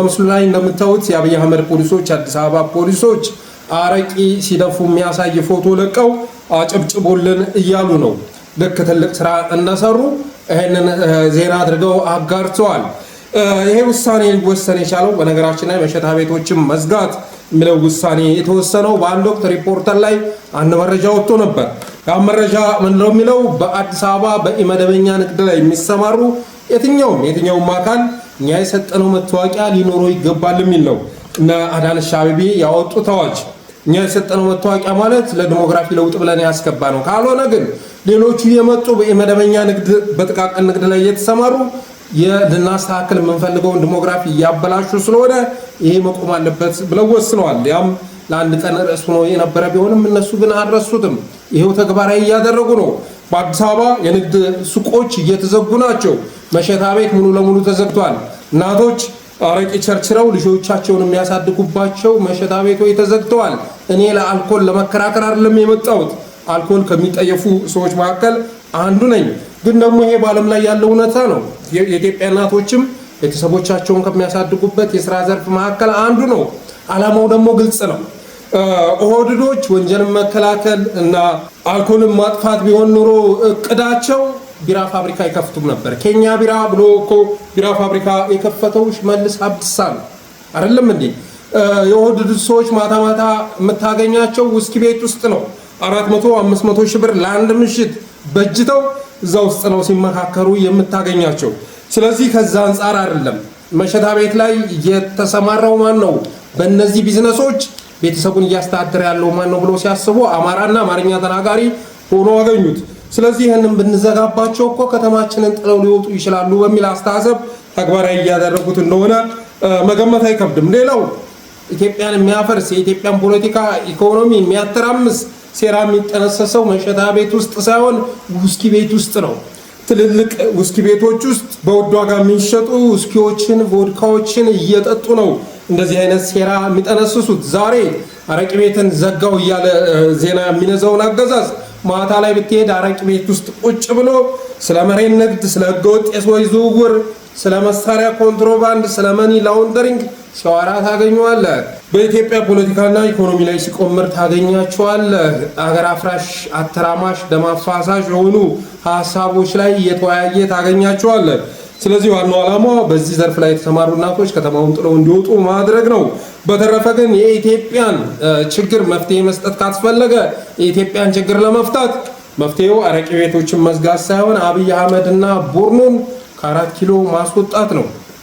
በምስሉ ላይ እንደምታዩት የአብይ አህመድ ፖሊሶች የአዲስ አበባ ፖሊሶች አረቂ ሲደፉ የሚያሳይ ፎቶ ለቀው አጨብጭቦልን እያሉ ነው። ልክ ትልቅ ስራ እንደሰሩ ይህንን ዜና አድርገው አጋርተዋል። ይሄ ውሳኔ ሊወሰን የቻለው በነገራችን ላይ መሸታ ቤቶችን መዝጋት የሚለው ውሳኔ የተወሰነው በአንድ ወቅት ሪፖርተር ላይ አንድ መረጃ ወጥቶ ነበር። ያ መረጃ ምንድነው የሚለው በአዲስ አበባ በኢመደበኛ ንግድ ላይ የሚሰማሩ የትኛውም የትኛውም አካል እኛ የሰጠነው መታወቂያ ሊኖረው ይገባል የሚል ነው እና አዳነች አቤቤ ያወጡት አዋጅ እኛ የሰጠነው መታወቂያ ማለት ለዲሞግራፊ ለውጥ ብለን ያስገባ ነው። ካልሆነ ግን ሌሎቹ የመጡ የመደበኛ ንግድ፣ በጥቃቅን ንግድ ላይ የተሰማሩ ልናስተካክል የምንፈልገውን ዲሞግራፊ እያበላሹ ስለሆነ ይሄ መቆም አለበት ብለው ወስነዋል። ያም ለአንድ ቀን ርዕስ ሆኖ የነበረ ቢሆንም እነሱ ግን አልረሱትም። ይሄው ተግባራዊ እያደረጉ ነው። በአዲስ አበባ የንግድ ሱቆች እየተዘጉ ናቸው። መሸታ ቤት ሙሉ ለሙሉ ተዘግቷል። እናቶች አረቂ ቸርችረው ልጆቻቸውን የሚያሳድጉባቸው መሸታ ቤቶች ተዘግተዋል። እኔ ለአልኮል ለመከራከር አይደለም የመጣሁት። አልኮል ከሚጠየፉ ሰዎች መካከል አንዱ ነኝ። ግን ደግሞ ይሄ በዓለም ላይ ያለው እውነታ ነው። የኢትዮጵያ እናቶችም ቤተሰቦቻቸውን ከሚያሳድጉበት የስራ ዘርፍ መካከል አንዱ ነው። አላማው ደግሞ ግልጽ ነው። ኦህዴዶች ወንጀልን መከላከል እና አልኮልን ማጥፋት ቢሆን ኑሮ እቅዳቸው ቢራ ፋብሪካ ይከፍቱም ነበር። ኬንያ ቢራ ብሎ እኮ ቢራ ፋብሪካ የከፈተው ሽመልስ አብዲሳ ነው። አይደለም እንዴ? የኦህዴድ ሰዎች ማታ ማታ የምታገኛቸው ውስኪ ቤት ውስጥ ነው። 400 500 ሺህ ብር ለአንድ ምሽት በጅተው እዛ ውስጥ ነው ሲመካከሩ የምታገኛቸው። ስለዚህ ከዛ አንጻር አይደለም መሸታ ቤት ላይ የተሰማራው ማን ነው? በእነዚህ ቢዝነሶች ቤተሰቡን እያስተዳደረ ያለው ማን ነው ብሎ ሲያስቡ አማራና አማርኛ ተናጋሪ ሆኖ አገኙት። ስለዚህ ይህንን ብንዘጋባቸው እኮ ከተማችንን ጥለው ሊወጡ ይችላሉ በሚል አስተሳሰብ ተግባራዊ እያደረጉት እንደሆነ መገመት አይከብድም። ሌላው ኢትዮጵያን የሚያፈርስ የኢትዮጵያን ፖለቲካ ኢኮኖሚ የሚያተራምስ ሴራ የሚጠነሰሰው መሸታ ቤት ውስጥ ሳይሆን ውስኪ ቤት ውስጥ ነው። ትልልቅ ውስኪ ቤቶች ውስጥ በውድ ዋጋ የሚሸጡ ውስኪዎችን፣ ቮድካዎችን እየጠጡ ነው እንደዚህ አይነት ሴራ የሚጠነስሱት። ዛሬ አረቂ ቤትን ዘጋው እያለ ዜና የሚነዛውን አገዛዝ ማታ ላይ ብትሄድ አረቂ ቤት ውስጥ ቁጭ ብሎ ስለ መሬት ንግድ፣ ስለ ህገወጥ የሰዎች ዝውውር፣ ስለ መሳሪያ ኮንትሮባንድ፣ ስለ መኒ ላውንደሪንግ ሲያወራ ታገኘዋለህ። በኢትዮጵያ ፖለቲካና ኢኮኖሚ ላይ ሲቆምር ታገኛቸዋለህ። አገር አፍራሽ፣ አተራማሽ፣ ደም አፋሳሽ የሆኑ ሀሳቦች ላይ እየተወያየ ታገኛቸዋለህ። ስለዚህ ዋናው ዓላማ በዚህ ዘርፍ ላይ የተሰማሩ እናቶች ከተማውን ጥለው እንዲወጡ ማድረግ ነው። በተረፈ ግን የኢትዮጵያን ችግር መፍትሄ መስጠት ካስፈለገ የኢትዮጵያን ችግር ለመፍታት መፍትሄው አረቂ ቤቶችን መዝጋት ሳይሆን አብይ አህመድ እና ቡድኑን ከአራት ኪሎ ማስወጣት ነው።